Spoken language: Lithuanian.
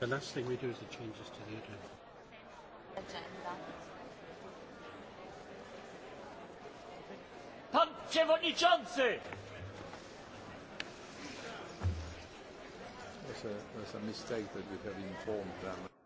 The last thing we do is the changes to the agenda. Agenda. Pan Przewodniczący! That's a, that's a mistake that you have informed them.